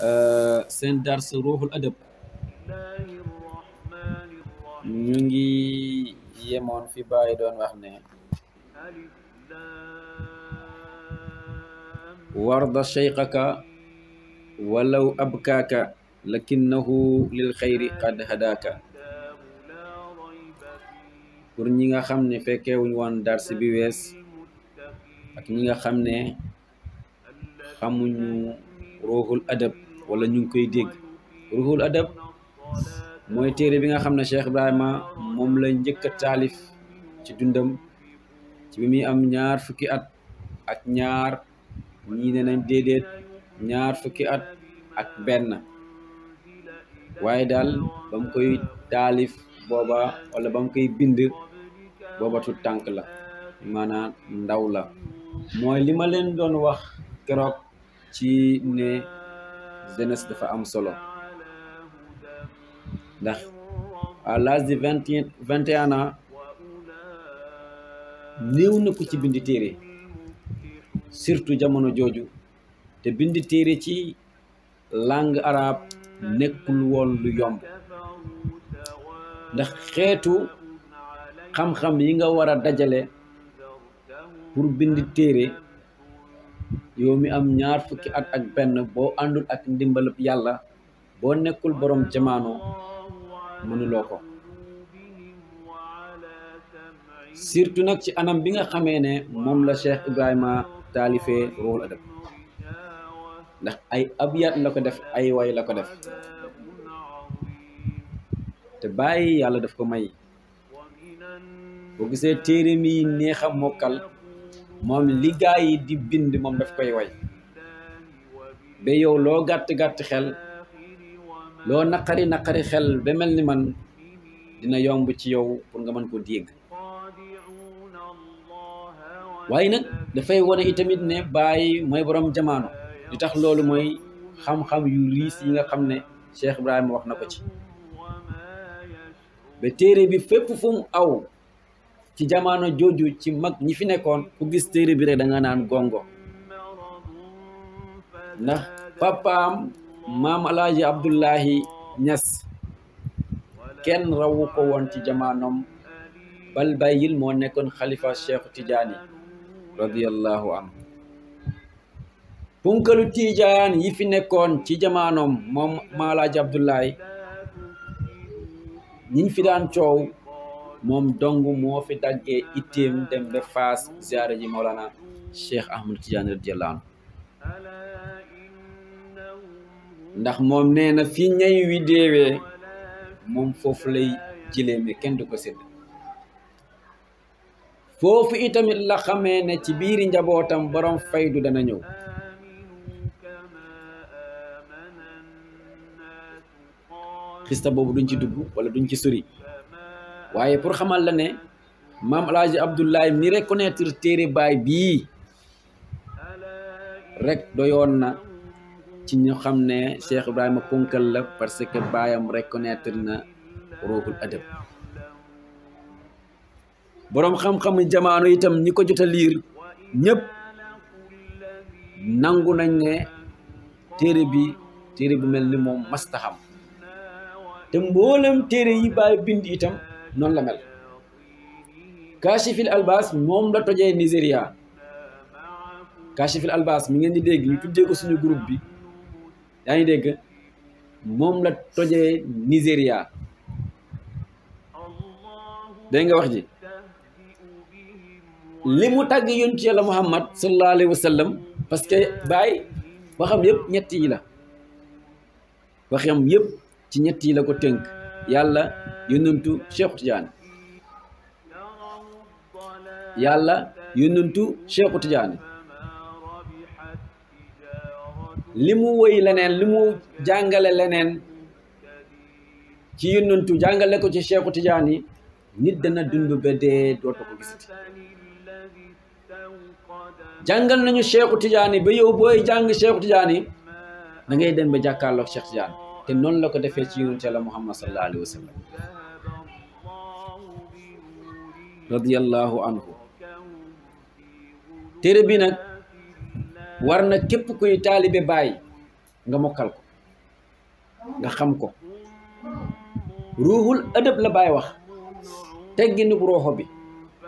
Euh, seen dars ruuxul adab ñu ngi yemoon fi bàyyi doon wax ne warda cheyqaka wala abkaaka lakinnahu lil xayri qad hadaaka pour ñi nga xam ne fekkewuñ woon dars bi wees ak ñi nga xam ne xamuñu ruuxul adab wala ñu ngi koy dégg ruhul adab mooy téere bi nga xam ne Cheikh Ibrahima moom la njëkk a taalif ci dundam ci bi muy am ñaar fukki at ak ñaar ñii ne nañ déedéet ñaar fukki at ak benn waaye daal ba koy taalif booba wala bam koy bind booba tu tànk la maanaam ndaw la mooy li leen doon wax keroog ci ne jeunesse dafa am solo ndax à l'âge de vingt et vingt néew na ko ci bind téere surtout jamono jooju te bind téere ci langue arabe nekkul woon lu yomb ndax xeetu xam-xam yi nga war a dajale pour bindi téere yow mi am ñaar fukki at ak benn boo àndul ak ndimbalub yàlla boo nekkul boroom jamaano mënuloo ko surtout nag ci anam bi nga xamee ne moom la Cheikh Ibrahima taalife Ruhul Adab ndax ay abiyat la ko def ay way la ko def te bàyyi yàlla daf ko may boo gisee téere mi neex mokkal moom li yi di bind moom daf koy way ba yow loo gàtt-gàtt xel loo naqari naqari xel ba mel ni man dina yomb ci yow pour nga mën ko dégg waaye nag dafay wane itamit ne bàyyi mooy boroom jamaano li tax loolu mooy xam-xam yu riis yi nga xam ne Cheikh Ibrahima wax na ko ci ba téere bi fépp fu aw ci jamono jooju ci mag ñi fi nekkoon ku gis téere bi rek da naan gongo ndax papaam maam alaaji abdullahi ñas kenn rawu ko woon ci jamaanom bal bàyyil moo nekkoon xalifa cheikhu tijaani radiallahu anhu punkalu tijaan yi fi nekkoon ci jamaanom moom maam alaaji abdullahi ñiñ fi daan coow mom dong mo fi dagge itim dem be fas ziyaare ji maulana Cheikh Ahmad Tidiane radiyallahu anhu ndax mom nee na fi ñay wi deewee mom fofu lay jilé mais kenn du ko sédd fofu itam la xamé né ci biir njabotam borom faydu dana ñew xista boobu duñ ci dugg wala duñ ci suri waaye pour xamal la ne maam alaaji abdoulaye mi reconnaître téere baay bii rek doyoon na ci ñu xam ne Cheikh Ibrahima ponkal la parce que baayam reconnaître na ruuxul adab boroom xam-xamu jamaano itam ñi ko jot liir ñëpp nangu nañ ne téere bi téere bu mel ni moom masta xam te mboolem téere yi baay bind itam non la mel Kashifil Albas mom la toje nigeria Kashifil Albas mi ngeen di deg ñu tuddee ko suñu groupe bi yaa ngi dégg la toje nigeria dégg nga wax ji limu tag yonti Muhammad sallallahu alaihi wasallam, parce que bay waxam yëpp ñetti yi la waxam yëpp ci ñetti la ko teunk yàlla yónnantu Cheikh Tidiane yàlla yónnantu Cheikh Tidiane li mu woy leneen li mu jàngale leneen ci yónnantu jàngale ko ci Cheikh Tidiane yi nit dana dund ba dee dootu ko jàngal nañu Cheikh Tidiane ba yow booy jàng Cheikh Tidiane dangay dem ba jàkkaarloog Cheikh Tidiane te noonu la ko defee ci yonent Yàlla Muhammad sallallahu alayhi wa sallam radiyallahu anhu téere bi nag war na képp kuy taalibe bàyyi nga mokkal ko nga xam ko ruuxul ëdëb la bàyyi wax tegginub rooxo bi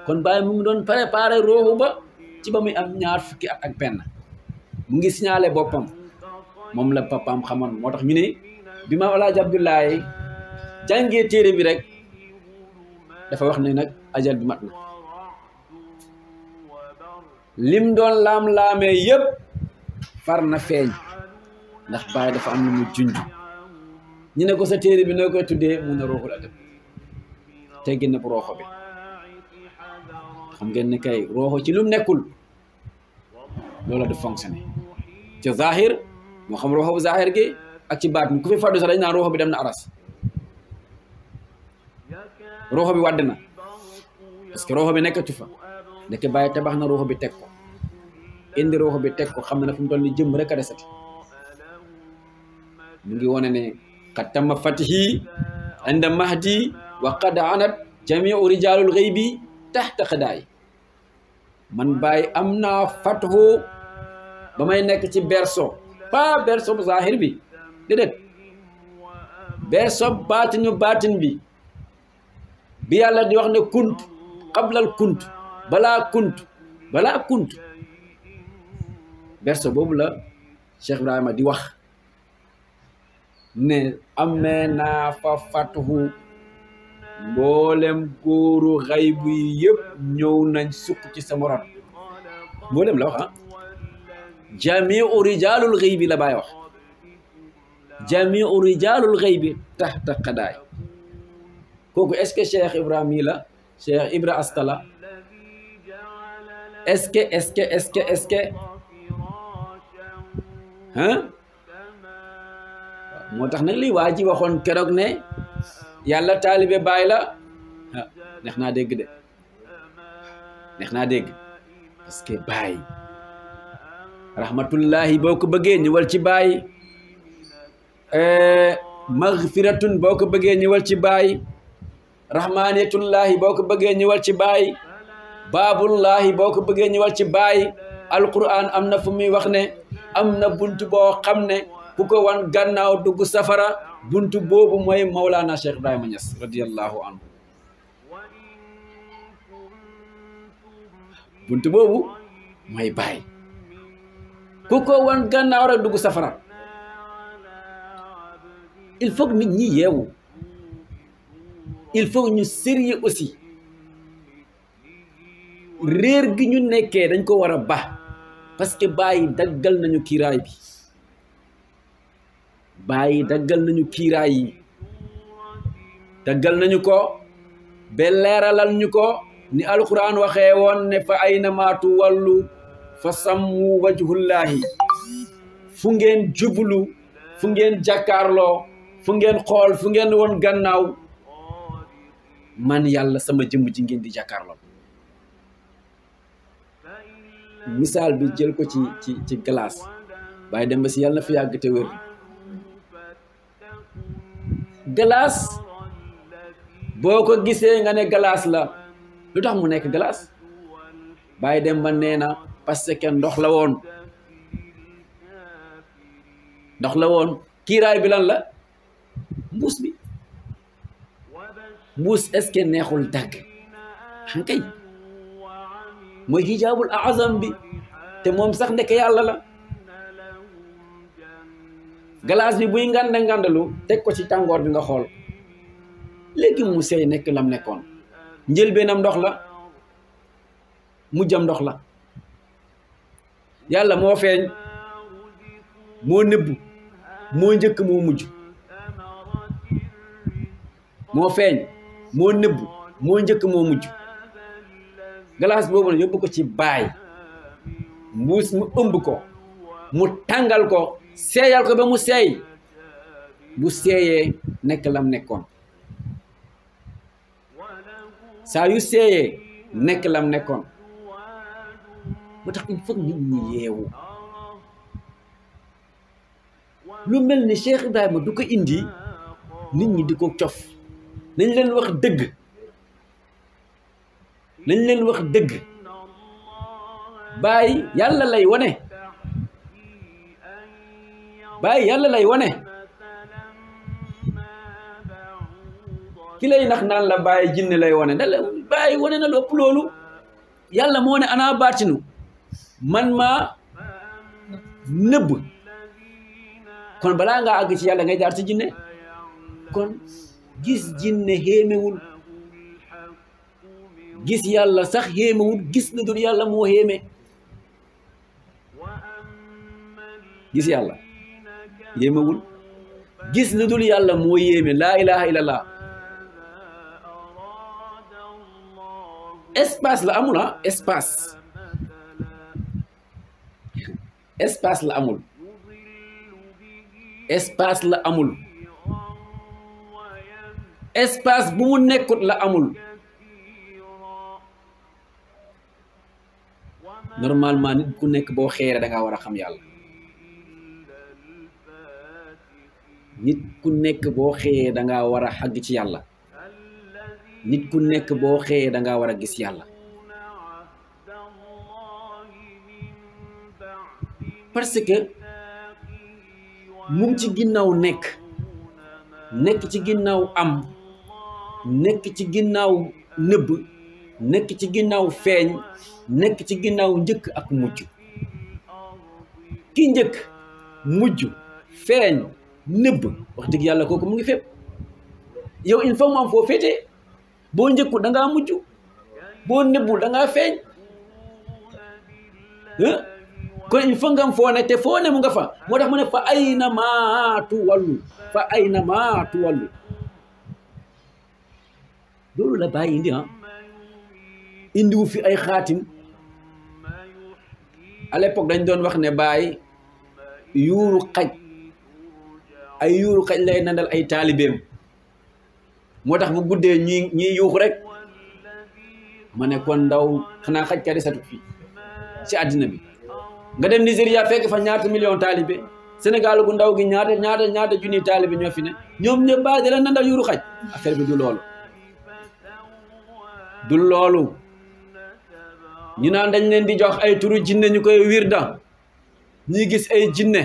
kon bàyyi mu ngi doon préparé rooxu ba ci ba muy am ñaar fukki at ak benn mu ngi signalé boppam moom la papaam xamoon moo tax ñu ne bi maam Alaaji Abdoulaye jàngee téere bi rek dafa wax nag ajal bi mat na lim doon laam-laamee yépp far na feeñ ndax Baay dafa am lu mu junj ñu ne ko sa téere bi noo koy tuddee mu ne ruuxul adab teggin na bu rooxo bi xam ngeen kay rooxo ci lum nekkul loola du fonctionné ci zahir moo xam rooxo bu zahir gi ak ci baat mi ku fi faddu sax dañ naan ruuxu bi dem na aras ruuxu bi wàdd na parce que ruuxu bi nekkatu fa ndeke bàyyi tabax na ruuxu bi teg ko indi ruuxu bi teg ko xam ne na fi mu toll ni jëmm rek a desati mu ngi wone ne qad tamma fatihi inda mahdi wa qad anat jamiu rijalul ghaybi tahta qadaay man bàyyi am naa fatuhu ba may nekk ci berceau pas berceau bu zahir bi déedéet bee sob baatinu bi bi yàlla di wax ne kunt xablal kunt balaa kunt balaa kunt berso boobu la Cheikh Ibrahima di wax ne amee naa fa fatuhu mboolem góoru xaybu yi yëpp ñëw nañ sukk ci sama ron mboolem la wax ah jamiu rijaalul xaybi la baay jamiu rijalul xaybi taxta xadaay kooku est-ce que Cheikh Ibra mii la Cheikh Ibra Asta la moo tax nag lii waa ji waxoon keroog ne yàlla taalibe baay la ah neex naa dégg de neex naa dégg parce baay rahmatullahi boo ko bëggee ñëwal ci baay Eh, maghfiratun boo ko bëggee ñëwal ci baay rahmaniyatullahi boo ko bëggee ñëwal ci baay baabullahi boo ko bëggee ñëwal ci baay alquran am na fu muy wax ne am na bunt boo xam ne ku ko wan gannaaw dugg safara bunt boobu moy Mawlana Cheikh Ibrahima Niass radiyallahu anhu buntu boobu mooy baay ku ko wan gannaaw rek dugg safara il faut que nit ñi yeewu il faut ñu sérieux aussi réer gi ñu nekkee dañ ko war a ba parce que bàyyi daggal nañu kiiraay bi bàyyi daggal nañu kiiraay yi daggal nañu ko ba leeralal ñu ko ni alquran waxee woon ne fa ay namaatu wàllu fa sàmm wajhullaahi fu ngeen jublu fu ngeen jàkkaarloo fu ngeen xool fu ngeen woon gannaaw man yàlla sama jëmm ji ngeen di jàkkaarloo misaal bi jël ko ci ci ci glace dem ba si yàlla na fi yàgg te wér glace boo ko gisee nga ne galaas la lu tax mu nekk galaas bàyyi dem ba nee na parce que ndox la woon ndox la woon kiiraay bi lan la mbuus bi mbuus est neexul dagg xam kay mooy hijaabul azam bi te moom sax ndeke yàlla la galaas bi buy ngande ngandalu teg ko ci tàngoor bi nga xool léegi mu seey nekk lam nekkoon njëlbeenam ndox la mujjam ndox la yàlla moo feeñ moo nëbbu moo njëkk moo mujj moo feeñ moo nëbb moo njëkk moo mujj glace boobu nag yóbbu ko ci baay mbuus mu ëmb ko mu tàngal ko seeyal ko ba mu seey bu seeyee nekk lam nekkoon saa yu seeyee nekk lam nekkoon moo tax il faut nit ñi yeewu lu mel ni Cheikh Ibrahima du ko indi nit ñi di ko cof nañ leen wax dëgg nañ leen wax dëgg bàyyi yàlla lay wane bàyyi yàlla lay wane ki lay nax naan la bàyyi jinne lay wane da la bàyyi wane na lu loolu yàlla mu ne ana baatinu man maa nëbb kon balaa nga àgg ci yàlla ngay jaar ci jinne kon gis jinne xéemewul gis yàlla sax xéemewul gis lu dul yàlla moo xéeme gis yàlla yéemewul gis lu dul yàlla moo yéeme laa ilaha illallah espace la amul ah espace espace la amul espace la amul espace bu mu nekkut la amul normalement nit ku nekk boo xeere da ngaa war a xam yàlla nit ku nekk boo xëyee danga ngaa war ci yàlla nit ku nekk boo xëyee danga ngaa war a gis yàlla parce que mu ci ginnaaw nekk nekk ci ginnaaw am nekk ci ginnaaw nëbb nekk ci ginnaaw feeñ nekk ci ginnaaw njëkk ak mujj ki njëkk mujj feeñ nëbb wax dëgg yàlla kooku mu ngi fépp yow il faut mu am foo féetee boo njëkku danga mujj boo nëbbul da ngaa feeñ kon il fa nga am foo ne te foo ne mu nga fa moo tax mu ne fa ay na maa tuwallu fa ay na maa tuwallu loolu la bàyyi indi ah indiwu fi ay xaatim à l'époque dañ doon wax ne bàyyi yuuru xaj ay yuuru xaj lay nandal ay taalibeem moo tax bu guddee ñi ñiy yuux rek ma ne kon ndaw xanaa xaj ka desatu fii ci àddina bi nga dem Nigéria fekk fa ñaata million taalibe Sénégal gu ndaw gi ñaata ñaata ñaata junni taalibe ñoo fi ne ñoom ñëpp bàyyi da leen nandal yuuru xaj affaire bi du loolu du loolu ñu naan dañ leen di jox ay turu jinne ñu koy wirda ñuy gis ay jinne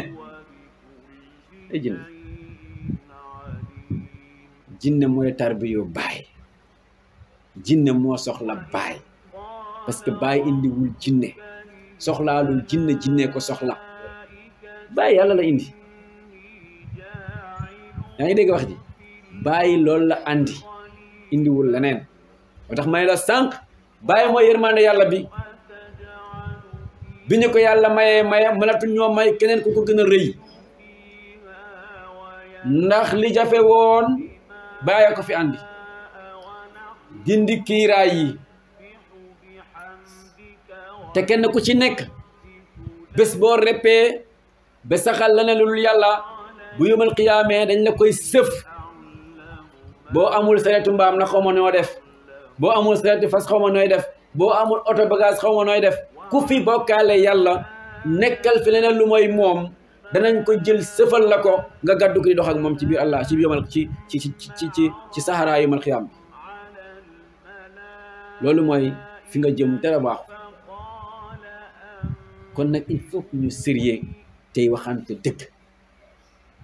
ay jinne jinne mooy tarbiyu baay jinne moo soxla baay parce que baay indiwul jinne soxlaalul jinne jinne ko soxla baay yàlla la indi yaa ngi dégg wax ji baay loolu la andi indiwul leneen moo tax may la sànq bàyyi mooy yërmande yàlla bi bi ñu ko yàlla mayee maye mënatu ñoo may keneen ku ko gën a rëy ndax li jafe woon bàyyi ko fi andi dindi kiiraay yi te kenn ku ci nekk bés boo reppee ba saxal leneen lu dul yàlla bu yomal xiyaamee dañ la koy sëf boo amul sareetu mbaam na xaw ma noo def bo amul seeti fas xawma noy def bo amul auto bagage xawma noy def ku fi bokalé yàlla nekkal fi lenen lu moy mom danañ ko jël sëfal lako nga gàddu ko di dox ak mom ci biir allah ci biir ci ci ci ci ci ci saxaraa yu mal xiyaam loolu mooy fi nga jëm dara bax kon nak il faut ñu sérieux tay waxante dekk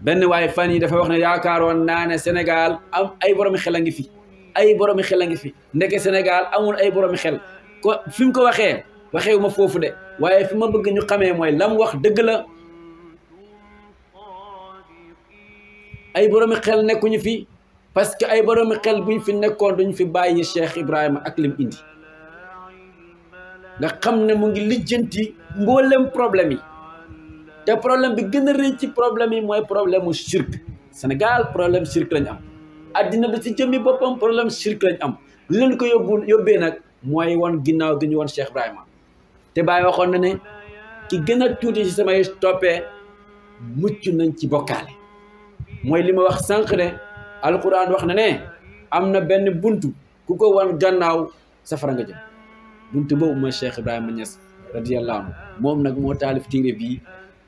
ben way fan yi dafa wax ne yaakaaroon naa ne Sénégal am ay borom xel a ngi fi. ay boromi xel a ngi fi ndeke Sénégal amul ay boromi xel ko fi mu ko waxee waxeewu ma foofu de waaye fi ma bëgg ñu xamee mooy lam wax dëgg la ay boromi xel nekkuñu fi parce que ay boromi xel buñ fi nekkoon duñ fi bàyyi Cheikh Ibrahima ak lim indi nga xam ne mu ngi lijjanti mboolem problème yi te problème bi gën a rëy ci problème yi mooy problème mu shirk Sénégal problème shirk lañ am addina bi si jëmmi boppam problème shirk lañ am li leen ko yóbbu yóbbee nag mooy wan ginnaaw gi ñu wan Cheikh Ibrahima te Baye waxoon na ne ki gën a tuuti ci samay toppee mucc nañ ci bokkaale mooy li ma wax sànq ne alquran wax na ne am na benn buntu ku ko wan gannaaw safara nga jëm buntu boobu mooy Cheikh Ibrahima Niass radiyallahu moom nag moo taalif téere bii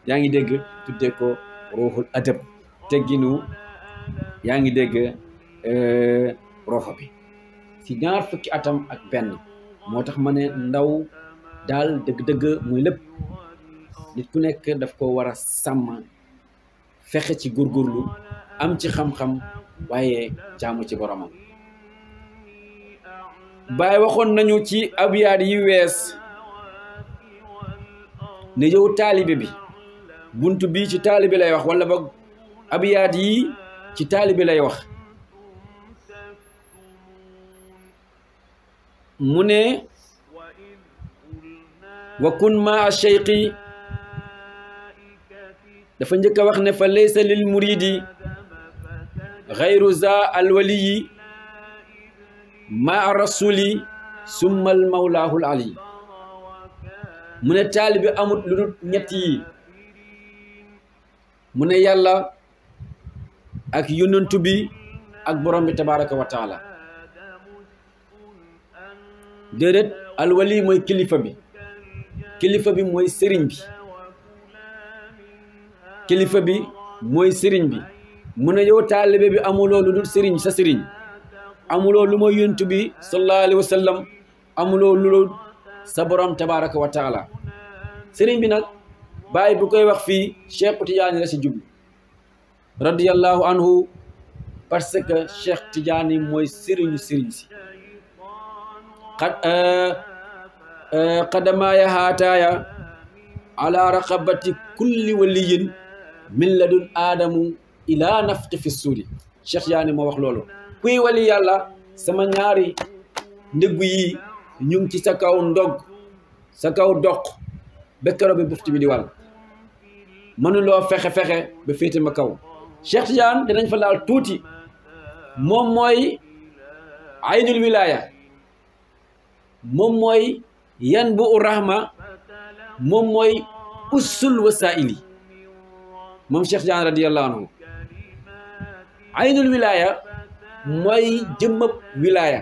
yaa ngi dégg tuddee ko ruuxul adab tegginu yaa ngi dégg roxo bi si ñaar fukki atam ak benn moo tax ma ne ndaw daal dëgg-dëgg muy lépp nit ku nekk daf ko war a sàmm fexe ci góorgóorlu am ci xam-xam waaye jaamu ci boromam Baay waxoon nañu ci abiyaat yi wees ne yow taalibe bi bunt bii ci taalibe lay wax walla ba abiyaat yi ci taalibe lay wax mu ne wa kun maa cheyqi dafa njëkk a wax ne fa laysa lil muridi xayru za alwaliyi maa rasuli summal mawlaahul ali mu ne taalibi amut lu dul ñett yi mu ne yàlla ak yonent ak borom bi tabaraka wa taala déedéet alwali mooy kilifa bi kilifa bi mooy sëriñ bi kilifa bi mooy sëriñ bi mu ne yow taalibe bi amuloo lu dul sëriñ sa sëriñ amuloo lu ma yontu bi sallallahu alayhi amuloo lu dul sa borom tabaraka wa taala sëriñ bi nag bàyyi bu koy wax fii Cheikh Tidiane la si jublu radiyallahu anhu parce que Cheikh mooy sëriñu sëriñ si آه، آه، قدماي هاتايا على رقبة كل ولي من لدن آدم إلى نفق في السوري شيخ يعني ما وخ لولو كوي ولي الله سما نياري نغوي نيوم تي ساكاو ندوغ ساكاو دوق بفتي بي ديوال منو لو فخه فخه بفيت مكاو شيخ جان دي نفلال توتي موم موي عيد الولايه moom mooy yan bu urahma moom mooy ussul wasaili moom Cheikh Jaan radiallahu anhu aynul wilaaya mooy jëmmab wilaaya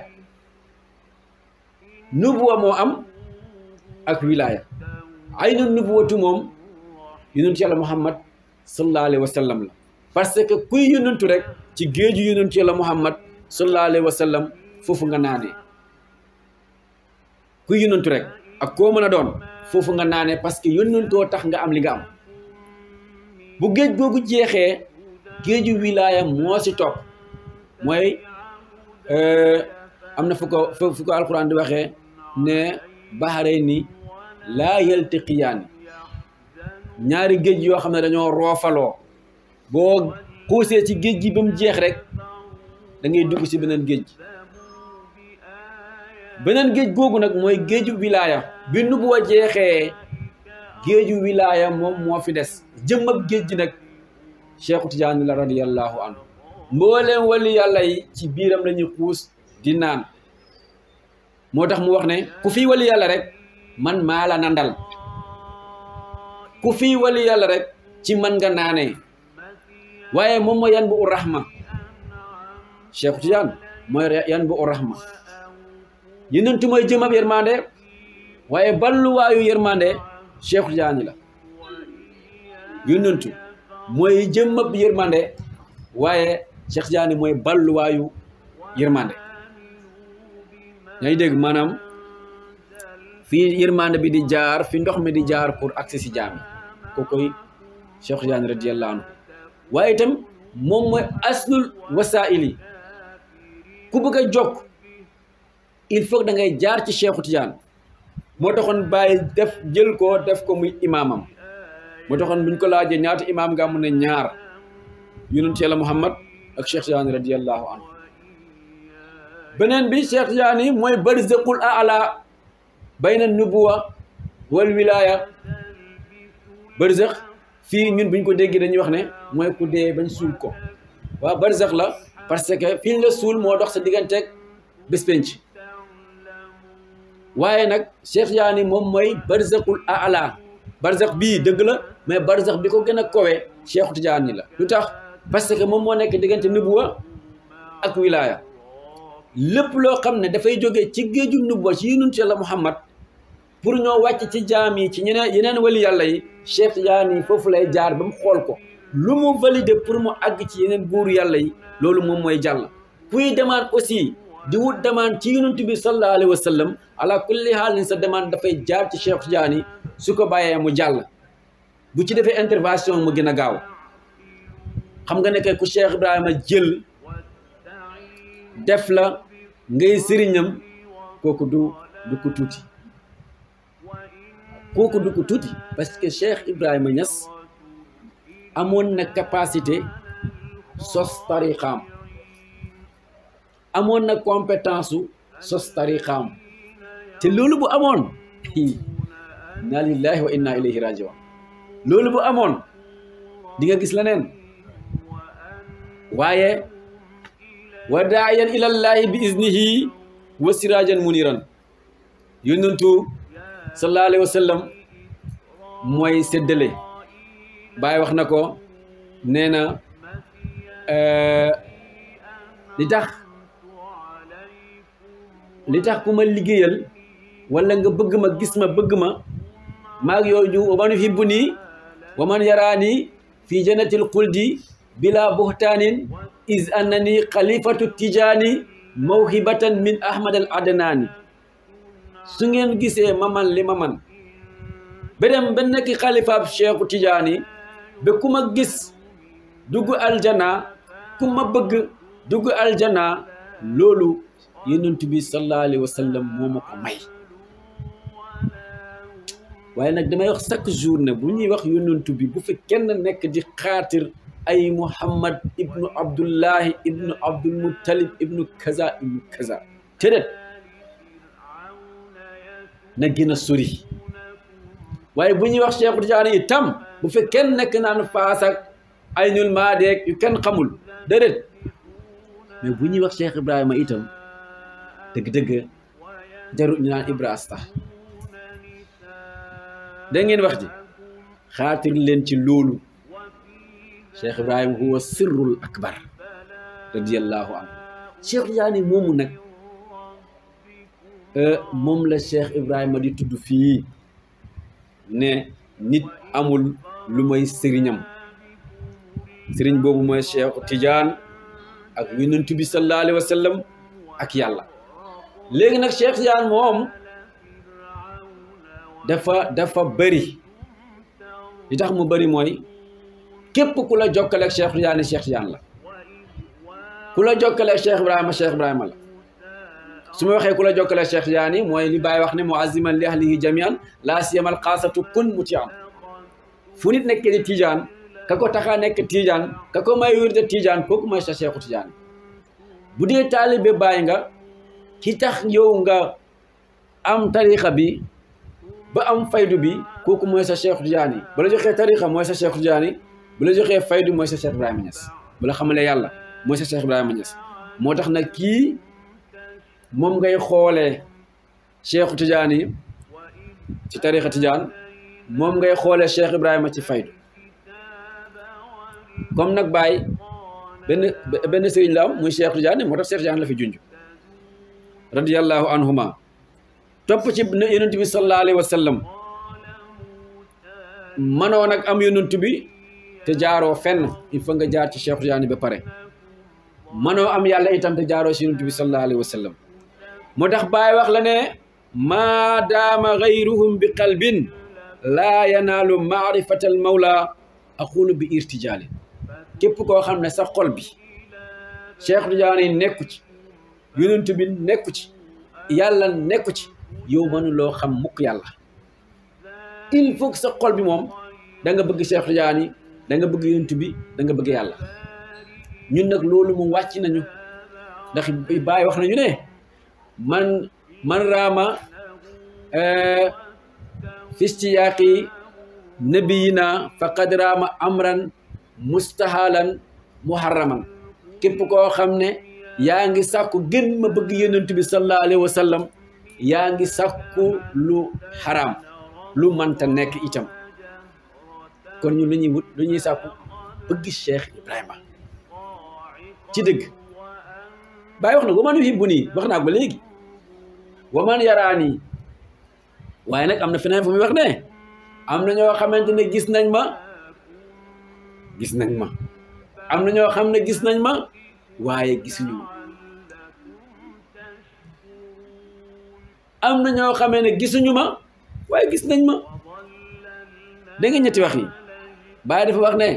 nubuwa moo am ak wilaaya aynul nubuwatu moom yonentu yàlla Muhammad sallallahu alayhi wa sallam parce que kuy yonentu rek ci géeju yonentu yàlla Muhammad sallallahu alayhi wa sallam foofu nga naanee kuy yónnantu rek ak koo mën a doon foofu nga naane parce que yónnantoo tax nga am li nga am bu géej googu jeexee géeju wilaaya moo si topp mooy euh, am na fu ko fu ko alquran di waxee ne baxarey ni laa yaltaqiyaani ñaari géej yoo xam ne dañoo roofaloo boo xuusee ci géej gi ba mu jeex rek dangay dugg si beneen géej gi beneen géej googu nag mooy géeju wilaaya bi nu bu wa jeexee géeju wilaaya moom moo fi des jëm géej gi nag Cheikhu Tidiane la radiyallahu anhu mbooleem wali yàlla yi ci biiram la ñuy xuus di naan moo tax mu wax ne ku fi wali yàlla rek man maa la nandal ku fii wali yàlla rek ci man nga naanee waaye moom mooy yan bu u rahma Cheikhu Tidiane mooy yan bu u rahma yenentu mooy jëmab yërmande waaye balluwaayu yërmande Cheikh Tidiane la yenentu mooy jëmab yërmande waaye Cheikh Tidiane mooy balluwaayu yërmande yaa ngi dégg maanaam fii yërmande bi di jaar fi ndox mi di jaar pour accès si jaam ko koy Cheikh Tidiane radiyallahu waaye itam moom mooy aslul wasaa'il ku bëgg a jokk il foog dangay jaar ci Cheikhu Tidiane moo taxoon bàyyi def jël ko def ko muy imaamam moo taxoon buñ ko laajee ñaata imaam nga mun ne ñaar yonent Yàlla Muhammad ak Cheikh Tidiane radiyallahu anhu beneen bi Cheikh Tidiane mooy barzaqul aala bayna nubuwa wal wilaaya fii ñun buñ ko déggee dañuy wax ne mooy ku dee bañ suul ko waaw barzaq la parce que fii la suul moo dox sa digganteeg bés penc waaye nag Cheikh Yaani moom mooy barzakul aala barzak bii dëgg la mais barzak bi ko gën a kowe Cheikh Tidiane la lu tax parce que moom moo nekk diggante wa ak wilaya lépp loo xam ne dafay jóge ci géeju nubuwa ci yonent Yàlla Muhammad pour ñoo wàcc ci jaam yi ci ñeneen yeneen wali yàlla yi Cheikh Tidiane foofu lay jaar ba mu xool ko lu mu valider pour mu àgg ci yeneen góoru yàlla yi loolu moom mooy jàll kuy demaat aussi di wut demande ci yonent bi sallallahu alayhi wa kulli haal sa demande dafay jaar ci Cheikh Tidiane su ko bàyyee mu jàll bu ci defee intervention mu gën a gaaw xam nga ne ku Cheikh Ibrahima jël def la ngay sëriñam kooku du ko tuuti parce que Cheikh Ibrahima Niass amoon na capacité sos tariqaam amoon na compétence su sos tariqaam te loolu amoon inna lillahi wa inna ilayhi rajiun loolu amoon di nga gis leneen waaye wa ilallahi bi iznihi wa sirajan muniran yonentu sallallahu alayhi wa sallam mooy séddale Baay wax na ko nee na euh, li tax li tax ku ma liggéeyal wala nga bëgg ma gis ma bëgg ma maag yooyu wa man yuhibbunii wa man yaraanii fii jannatil xuldi bilaa buhtaanin iz annanii xalifatu tijaani mawhibatan min ahmad al adnaani su gisee maman li ma man ba ki ba nekk xalifaab cheikhu tijaani ba ku ma gis dugg aljana ku bëgg dugg aljanaa loolu yonent bi sallallahu alayhi wa sallam moo ma ko may waaye nag damay wax chaque jour ne bu ñuy wax yonent bi bu fi kenn nekk di xaatir ay Muhammad ibnu Abdullahi ibnu Abdul Muttalib ibnu kaza ibnu kaza tëdët na gën a sori waaye bu ñuy wax Cheikh Tidiane itam bu fi kenn nekk naan faas ak ay ñul maadeeg yu kenn xamul déedéet mais bu ñuy wax Cheikh Ibrahima itam dëgg-dëgg jarut ñu naan Asta da wax ji xaatir leen ci loolu Cheikh Ibrahima huwa sirrul akbar radiyallahu anhu Cheikh Tidiane moomu nag euh, moom la Cheikh Ibrahima di tudd fii ne nit amul lu may sëriñam sëriñ boobu mooy Cheikh Tidiane ak yonent bi sallallahu ak yàlla léegi nag Cheikh Tidiane moom dafa dafa bëri li tax mu bëri mooy képp ku la jokkale ak Cheikh Tidiane Cheikh Tidiane la ku la jokkale ak Cheikh Ibrahima Cheikh Ibrahima la su ma waxee ku la jokkale ak Cheikh Tidiane mooy li Baay wax ne muaziman li ahlihi jamian laa siyamal xaasatu kun muti am fu nit nekkee di Tidiane ka ko taxaa nekk Tidiane ka ko may wér de Tidiane kooku mooy sa Cheikhu Tidiane bu dee taalibe Baay nga ki tax yow nga am tarixa bi ba am faydu bi kooku mooy sa Cheikh Tidiane ba la joxee tarixa mooy sa Cheikh Tidiane ba la joxee faydu mooy sa Cheikh Ibrahima Niass ba la xamalee yàlla mooy sa Cheikh Ibrahima Niass moo tax nag kii moom ngay xoolee Cheikh Tidiane ci tarixa Tidiane moom ngay xoolee Cheikh Ibrahima ci faydu comme nag Baye benn benn sëriñ la am muy Cheikh Tidiane moo tax Cheikh Tidiane la fi junj radiyallahu anhuma topp ci na yonent bi sallallahu nag am yonent te jaaroo fenn il faut nga jaar ci Cheikh Tidiane ba pare mënoo am yàlla itam te jaaroo ci yonent bi sallallahu alayhi moo tax Baay wax la ne maa daama gayruhum bi qalbin laa yanaalu maarifatal mawla aqulu bi irtijaali képp koo xam ne sa xol bi Cheikh Tidiane nekku ci yonent bi nekku ci yàlla nekku ci yow loo xam mukk yàlla il faut sa xol bi moom danga bëgg Cheikh Tidiane da nga bëgg yonent bi da bëgg yàlla ñun nag loolu mu wàcc nañu ndax Baay wax nañu ne man man raama eh, fistiyaaqi nabiyina faqad raama amran mustahalan muharraman képp koo xam ne yaa ngi sàkku gën ma bëgg yonent bi sallallahu alayhi sallam yaa ngi sàkku lu xaraam lu manta nekk itam kon ñu lu ñuy wut lu ñuy sàkku bëgg Cheikh Ibrahima ci dëgg bàyyi wax na waman yuhibbu nii wax naa ko ba léegi waman yaraa nii waaye nag am na feneen fu muy wax ne am na ñoo xamante ne gis nañ ma gis nañ ma am na ñoo xam ne gis nañ ma waaye gisuñu am na ñoo xamee ne gisuñu ma waaye gis nañ ma da ñetti wax yi Baay dafa wax ne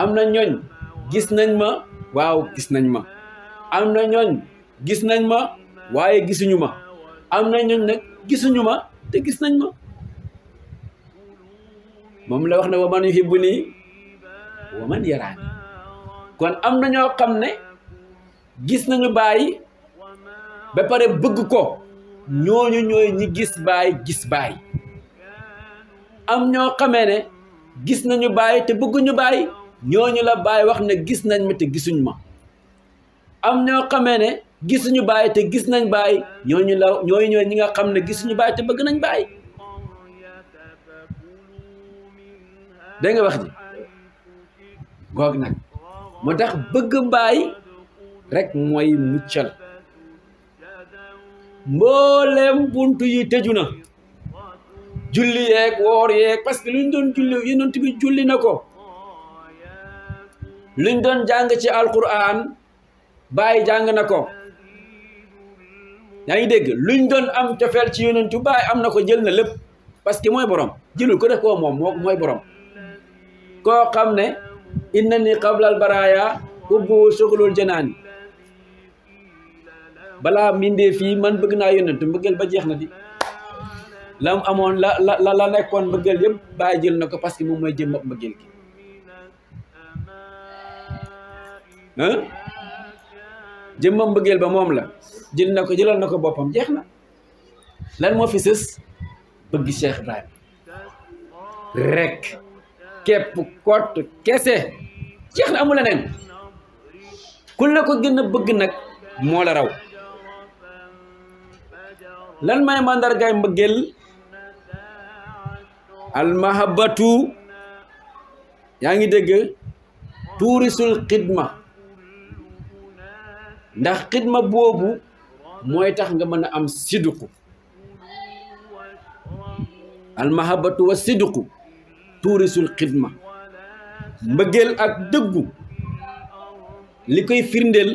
am na ñooñ gis nañ ma waaw gis nañ ma am na ñooñ gis nañ ma waaye gisuñu ma na gisuñu ma te gis nañ ma moom la wax ne waman yuhibbu nii waman yaraani kon am na ñoo xam ne gis nañu baay ba pare bëgg ko ñooñu ñooy ñi gis baay gis baay am ñoo xamee ne gis nañu baay te bëgguñu baay ñooñu la baay wax ne gis nañ ma te gisuñu ma am ñoo xamee ne gisuñu baay te gis nañ baay ñooñu la ñooñu ñooy ñi nga xam ne gisuñu baay te bëgg nañ baay dégg wax ji goog nag moo tax bëgg baay rek mooy muccal mbooleem buntu yi tëju na julli yeeg woor yeeg parce que luñ doon julli yonent bi julli na ko luñ doon jàng ci alquran bàyyi jàng na ko yaa ngi dégg luñ doon am cofeel ci yonent bi bàyyi am na ko jël na lépp parce que mooy borom jëlul ko def koo moom mooy borom koo xam ne inna ni qablal baraya ubbu suxlul janaani balaa mindee fii man bëgg naa yónnentu mbëggeel ba jeex na di lam amoon la la la nekkoon mbëggeel yëpp bàyyi jël na ko parce que moom mooy jëm ak mbëggeel gi ah jëmmam mbëggeel ba moom la jël na ko jëlal na ko boppam jeex na lan moo fi sës bëgg Cheikh Ibrahima rek képp kott kese jeex na amul leneen ku la ko gën a bëgg nag moo la raw lan may màndargaay mbëggeel almahabatu yaa ngi dégg tuurisul xidma ndax xidma boobu mooy tax nga mën a am sidduku almahabatu wa sidduku tuurisul xidma mbëggeel ak dëggu li koy firndeel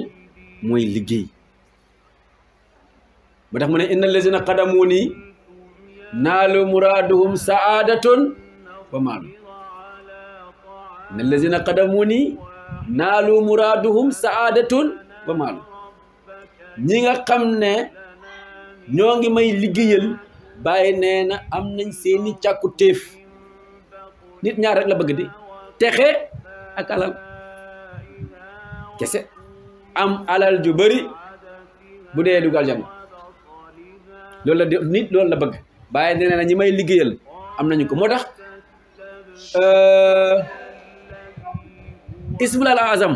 mooy liggéey ba tax mu ne inna allazina qadamu nii naalu muraaduhum saadatun wa maalu inna allazina qadamu nii naalu muraaduhum saadatun wa maalu ñi nga xam ne ñoo ngi may liggéeyal bàyyi nee na am nañ seeni càkku téef nit ñaar rek la bëgg di texe ak alal kese am alal ju bari bu dee dugal jàmm loolu la nit loolu la bëgg baye nee na ñi may liggéeyal am nañu ko moo tax euh, ismul al azam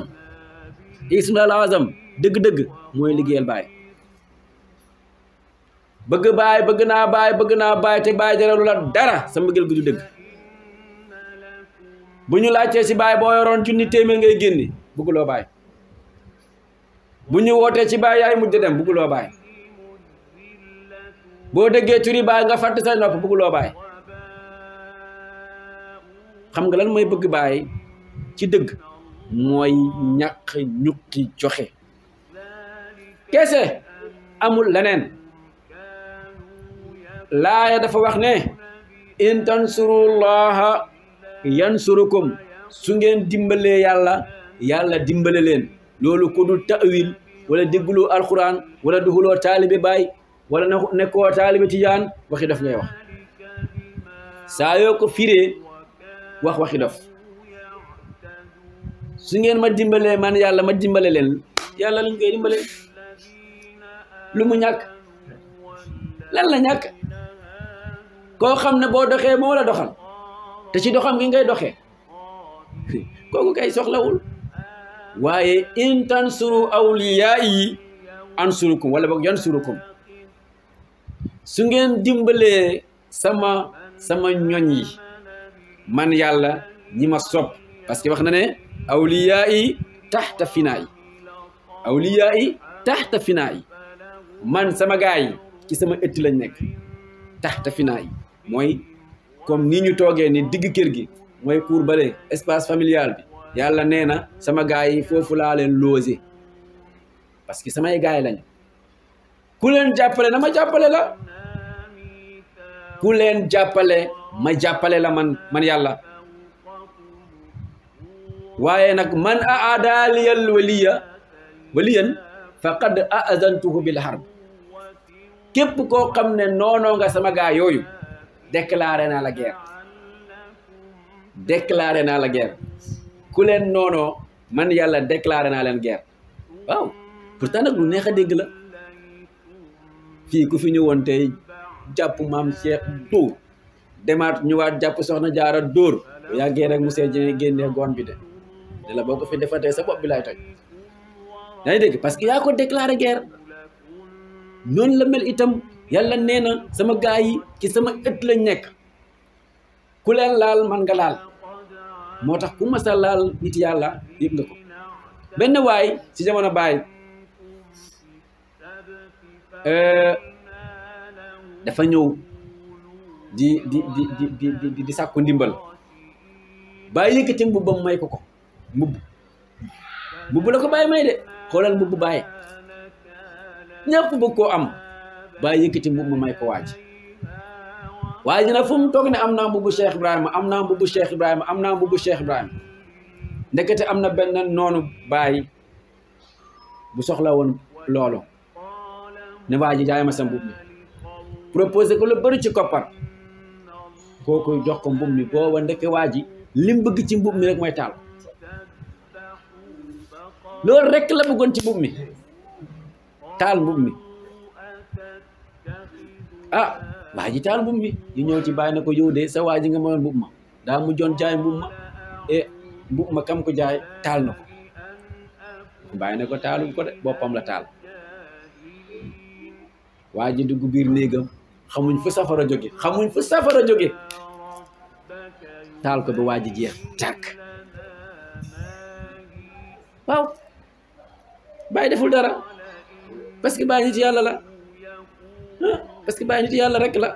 ismul al azam dëgg-dëgg mooy liggéeyal bàyyi bëgg baay bëgg naa baay bëgg naa baay te baay lu la dara sa mbëggeel gu du dëgg bu ñu laajtee si baay boo yoroon junni téeméer ngay génni bugguloo baay bu ñu wootee ci baay yaay mujj dem bugguloo baay boo déggee turi baay nga fàtt say nopp bëgguloo baay xam nga lan mooy bëgg baay ci dëgg mooy ñàq ñukki joxe kese amul leneen laaya dafa wax ne in tansurullaha yansurukum su ngeen dimbale yàlla yàlla dimbale leen loolu ko du ta'wil wala dégguloo alxuraan wala duxuloo taalibi baay wala na nekkoo taalibe tijaan waxi dof ngay wax saa yoo ko firee wax waxi dof su ngeen ma dimbalee man yàlla ma dimbale leen yàlla luñ koy dimbale lu mu ñàkk lan la ñàkk koo xam ne boo doxee moo la doxal te ci doxam gi ngay doxee kooku kay soxlawul waaye in tansuru awliyaa yi ansurukum wala boog yansurukum su ngeen dimbalee sama sama ñoñ yi man yàlla ñi ma sopp parce que wax na ne awliyaa yi taxta finaa yi awliyaa yi taxta finaa yi man sama gaa yi ci sama ëtt lañ nekk taxta finaa yi mooy comme ni ñu toogee ni digg kër gi mooy cour bale espace familial bi yàlla nee na sama gaa yi foofu laa leen loosé parce que samay gaa yi lañ ku leen jàppale na ma jàppale la ku leen jàppale ma jàppale la man man yàlla waaye nag man a aadaaliyal waliya waliyan faqad aazantuhu bil harb képp koo xam ne noonoo nga sama gaa yooyu deklare naa la guerre déclaré naa la geer ku leen noonoo man yàlla déclaré naa leen geer waaw pourtant nag lu neex a dégg fii ku fi ñëwoon tey jàpp maam Cheikh dóor demaat ñëwaat jàpp soxna jaara dóor bu yàggee rek monsieur Dieng génnee goon bi de de la boo ko fi defatee sa bopp bi laay toj yaa ngi parce que yaa ko déclaré guerre noonu la mel itam yàlla nee na sama gaa yi ci sama ëtt lañ nekk ku leen laal man nga laal moo tax ku masa laal nit yàlla yëg nga ko benn waay ci jamono baay euh, dafa ñëw di di di di di di ndimbal bàyyi yëkkati mbubbam may ko ko mbubb mbubb la ko bàyyi may de xoolal mbubb bàyyi ñëpp bëgg koo am bàyyi yëkkati mbubb ma may ko waaj waaye dina fu toog ne am naa mbubbu Cheikh Ibrahima am naa mbubbu Cheikh am naa mbubbu Cheikh Ibrahima ndekete am na benn noonu bàyyi bu soxla woon loolu ne waa ji jaay ma sa mbubb proposé ko la bari ci koppar kooku jox ko mbub mi booba ndeke waa ji lim bëgg ci mbub mi rek mooy taal loolu rek la bëggoon ci mbub mi taal mbub mi ah waa ji taal mbub mi ñu ñëw ci bàyyi na ko yow sa waa ji nga mayoon mbub ma mu joon jaay mbub ma e mbub ma kam ko jaay taal na ko bàyyi na ko taalul ko de boppam la taal waaji ji dugg biir néegam xamuñ fu safara jóge xamuñ fu safara jóge taal ko ba waa ji jeex tàkk waaw deful dara parce que bàyyi nit yàlla la parce que bàyyi nit yàlla rek la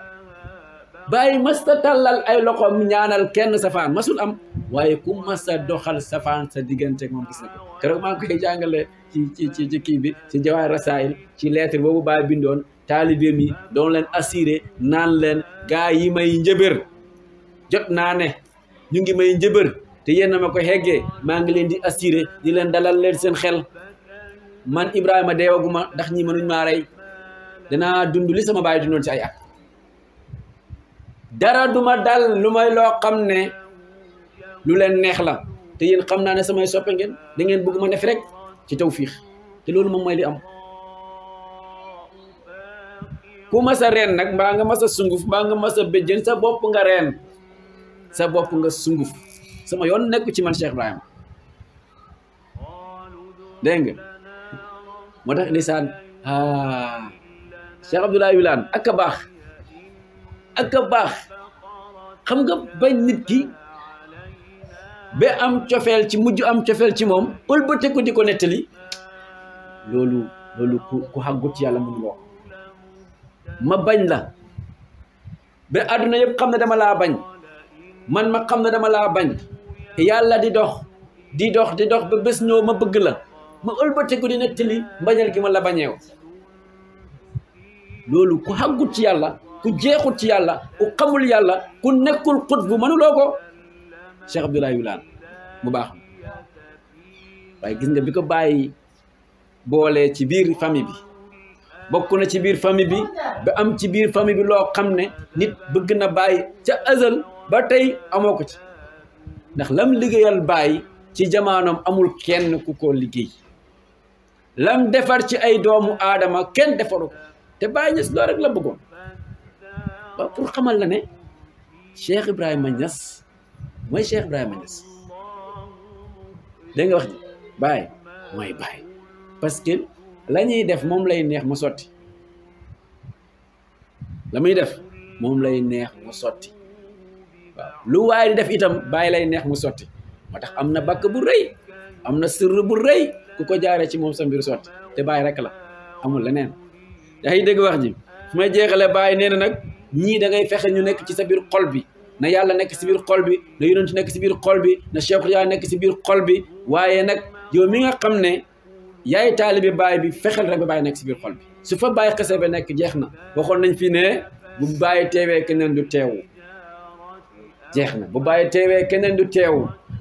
bàyyi masta tàllal ay loxoom ñaanal kenn safaan masul am waaye ku masta doxal safaan sa digganteeg moom gis na maa koy jàngale ci ci ci kii bi ci jawaay rasaayil ci lettre boobu bàyyi bindoon taalibeem mi doon leen assuré naan leen gaa yi may njëbër jot naa ne ñu ngi may njëbër te yéen a ma ko heggee maa ngi leen di assuré di leen dalal leen seen xel man Ibrahima deewaguma ndax ñi mënuñ maa rey danaa dund li sama baay dundoon ci ay at dara duma dal lu may loo xam ne lu leen neex la te yéen xam naa ne samay soppe ngeen da ngeen bëgg ma def rek ci tawfiix te loolu moom mooy li am ku masa ren nak nga masa sunguf bangga nga masa bejeen sa bop nga ren sa bop nga sunguf sama yon nek ci man cheikh ibrahim deng nga moo tax lisaan ah cheikh abdullah wilaan ak bax ak bax xam nga nit ki be am tiofel ci muju am tiofel ci mom ëlbate ko di ko Lulu, lulu, ku ku xàggut yàlla ma bañ la ba àdduna yëpp xam ne dama laa bañ man ma xam ne dama laa bañ yàlla di dox di dox di dox ba bés ñoo ma bëgg la ma ëlbatiku di li mbañal gi ma la bañeew loolu ku xàggut ci yàlla ku jeexut ci yàlla ku xamul yàlla ku nekkul xut bu mënuloo ko Cheikh Abdoulaye Wilane mu baax waaye gis nga bi ko bàyyi boole ci biir famille bi bokk na ci biir famille bi ba am ci biir famille bi loo xam ne nit bëgg na bàyyi ca azal ba tey amoo ko ci ndax lam liggéeyal bàyyi ci jamaanoom amul kenn ku ko liggéey lam defar ci ay doomu aadama kenn defaru ko te bàyyi ñes loo rek la bëggoon pour xamal la ne Cheikh Ibrahima Niass mooy Cheikh Ibrahima Niass dégg nga wax ji bàyyi mooy bàyyi parce que la ñuy def moom lay neex mu sotti la muy def moom lay neex mu sotti waaw lu waaye di def itam bàyyi lay neex mu sotti moo tax am na bakk bu rëy am na sirr bu rëy ku ko jaaree ci moom sa mbir sotti te bàyyi rek la amul leneen yaa ngi dégg wax ji fu may jeexale bàyyi nee na nag ñii da ngay fexe ñu nekk ci sa biir xol bi na yàlla nekk ci biir xol bi na yonent nekk si biir xol bi na Cheikh yaa nekk ci biir xol bi waaye nag yow nga xam ne yaay taalibe baye bi fexel rek baye nek ci bir xol bi su fa baye xese ba nek jeexna waxon nañ fi ne bu baye téwé kenen du téw jeexna bu baye téwé kenen du téw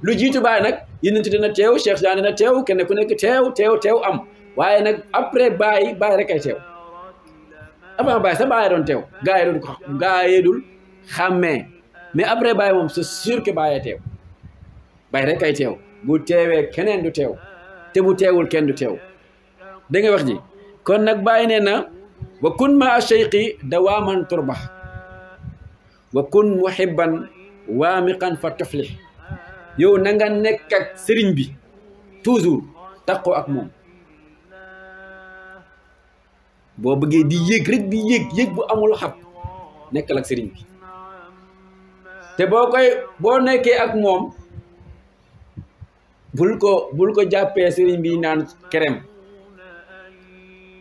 lu jitu baye nak yénente dina téw Cheikh jani na téw kenn ku nek téw téw téw am waye nak après baye baye rek ay téw avant baye sa baye don téw gaay yi ko gaa yi dul xàmmee mais après baye mom c'est sûr que baye téw baye rek ay téw bu téwé kenen du téw te bu teewul kenn du teew da nga wax ji kon nag bàyyi nee na wa kun maa cheyqi dawaaman ba wa kun muhibban waamiqan fa tuflih yow na nga nekk ak sëriñ bi toujours taqoo ak moom boo bëggee di yéeg rek di yéeg yéeg bu amul xab nekkal ak sëriñ bi te boo koy boo nekkee ak moom Bulko bulko bul ko binan sëriñ bi naan kerem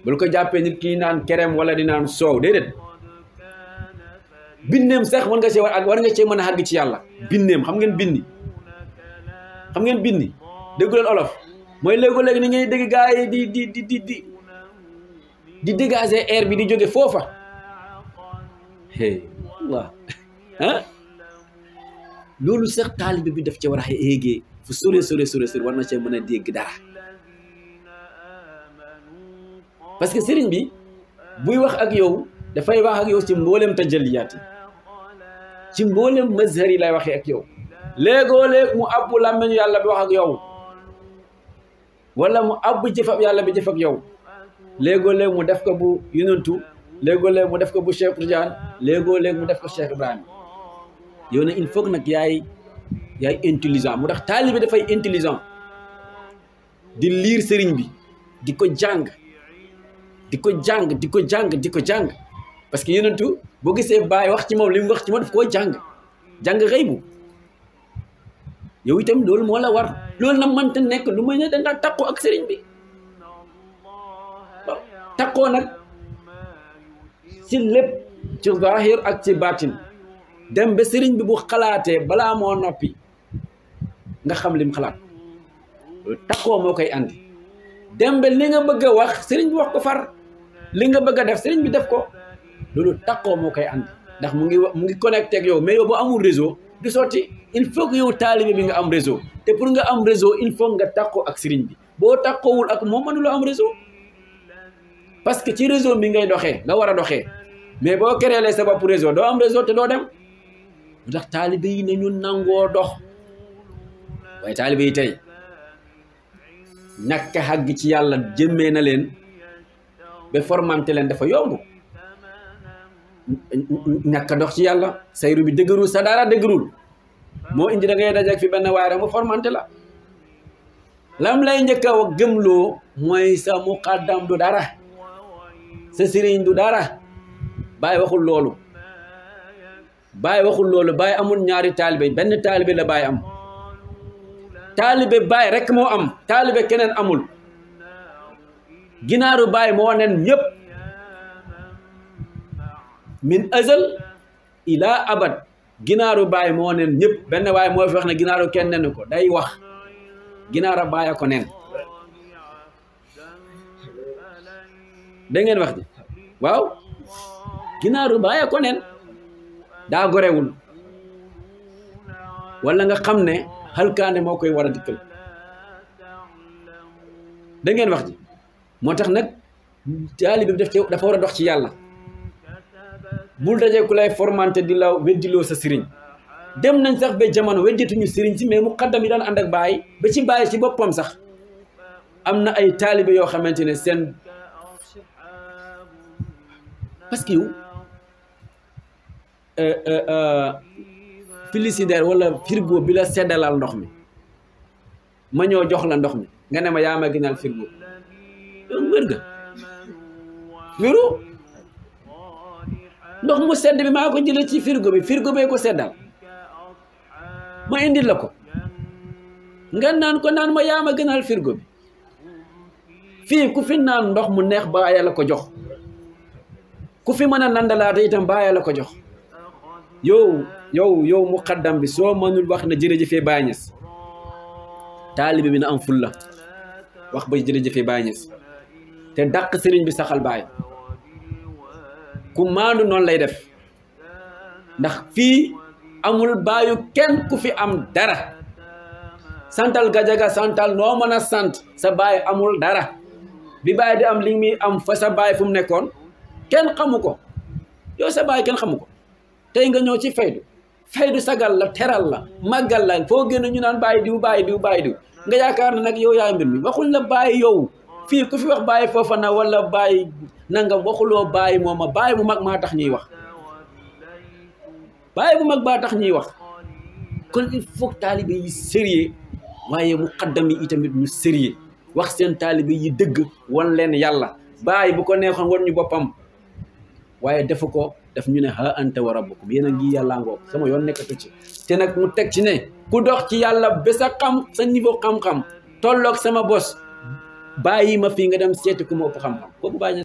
bul ko jàppee nit ki naan kerem wala di naan soow déedéet binnem sax war nga ci war nga ci mëna a ci yalla binnem xam ngeen binni xam ngeen binni déggu leen olof moy léego-léegi ni ngay dégg gaay di di di di di di dégager air bi di joggé fofa, hey Allah hein lolu sax talib bi daf ci wara a fu sore sore sore sore war na cee mën a dégg dara parce que sëriñ bi buy wax ak yow dafay wax ak yow ci mboolem tajalliyaat yi ci mboolem mazhar yi lay waxee ak yow léegoo léeg mu abbu làmmeñ yàlla bi wax ak yow wala mu abbu jëf yàlla bi jëf ak yow léegoo léeg mu def ko bu yunantu léegoo léeg mu def ko bu Cheikh Tidiane léegoo léeg mu def ko Cheikh Ibrahima yow ne il faut nag yaay yaay intelligent mu tax taalibe dafay intelligent di liir sëriñ bi di ko jàng di ko jàng di ko jàng di ko jàng parce que yenentu boo gisee baay wax ci moom lim mu wax ci moom def koo jàng jàng xëy bu yow itam loolu moo la war loolu na mënta nekk lu may ne da takkoo ak sëriñ bi takkoo nag ci lépp ci zahir ak ci baatin dem ba sëriñ bi bu xalaatee balaa moo noppi nga xam lim xalaat takkoo moo koy andi dem ba li nga bëgg a wax sëriñ bi wax ko far li nga bëgg a def sëriñ bi def ko loolu takkoo moo koy andi ndax mu ngi mu ngi connecté ak yow mais yow boo amul réseau du sotti il faut que yow taalibe bi nga am réseau te pour nga am réseau il faut nga takkoo ak sëriñ bi boo takkoowul ak moom mënuloo am réseau parce que ci réseau bi ngay doxee nga war a doxee mais boo créé sa bopp réseau doo am réseau te doo dem ndax taalibe yi nañu nangoo dox. waaye taalibe yi tey ñàkk xàgg ci yàlla jëmmee na leen ba formante leen dafa yomb ñàkk dox ci yàlla sayru bi dëgërul sa dara dëgërul moo indi da ngay dajeek fi benn waaye rek mu formante la lam lay njëkk a loo mooy sa muqaddam du dara sa sëriñ du dara bàyyi waxul loolu bàyyi waxul loolu baay amul ñaari taalibe benn taalibe la bàyyi am taalibe baay rek moo am taalibe keneen amul ginaaru baay moo nen ñépp min azal ilaa abad ginaaru baay moo nen ñépp benn waaye moo fi wax ne ginaaru kenn nenu ko day wax ginaara baay a ko nen da wax ji waaw ginaaru baay a gorewul walla nga xam ne halkaane moo koy war a dikkal da ngeen wax ji moo tax nag taalibe bi def ci dafa war a dox ci yàlla bul dajee ku lay formanté di la weddiloo sa sëriñ dem nañ sax ba jamono weddituñu sëriñ si mais mu xaddam yi daan ànd ak ba ci baay ci boppam sax am na ay taalibe yoo xamante ne seen parce que yow euh, euh, euh, frigidaire walla frigo bi la seddalal ndox mi ma ñëw jox la ndox mi nga ne ma yaa ma gënal frigo wér nga ndox mu sedd bi maa ko jëlee ci firgo bi firgo bee ko seddal ma indil la ko nga naan ko naan ma yaa gënal frigo bi fii ku fi naan ndox mu neex ba yàlla ko jox ku fi mën a nandalaate itam ba yàlla ko jox yow yow yow mu muqaddam bi soo mënul wax na jërëjëfee Baay Ñas taalibe bi na am fulla wax ba jërëjëfee Baay Ñas te dàq sëriñ bi saxal baay ku maandu noonu lay def ndax fii amul baayu kenn ku fi am dara santal gajaga santal noo mën a sant sa baay amul dara bi baay di am li muy am fa sa baay fu mu nekkoon kenn xamu ko yow sa baay kenn xamu ko tey nga ñëw ci faydu faydu sagal la teral la màggal la foo génn ñu naan bàyyi diw bàyyi diw bàyyi diw nga yaakaar ne nag yow yaa mbir mi waxuñ la bàyyi yow fii ku fi wax bàyyi foofa na wala bàyyi nangam waxuloo bàyyi moom a bàyyi bu mag maa tax ñuy wax bàyyi bu mag baa tax ñuy wax kon il faut que taalibe yi sérieux waaye mu xaddam itamit ñu sérieux wax seen taalibe yi dëgg wan leen yàlla bàyyi bu ko neexoon wan ñu boppam waaye defu ko daf ñu ne ha anta war a yéen a ngi yàllaa ngoog sama yoon nekkatu ci te nag mu teg ci ne ku dox ci yàlla ba sa xam sa niveau xam-xam tolloog sama bos bàyyi ma fii nga dem seeti ku ma ëpp xam-xam kooku bàyyi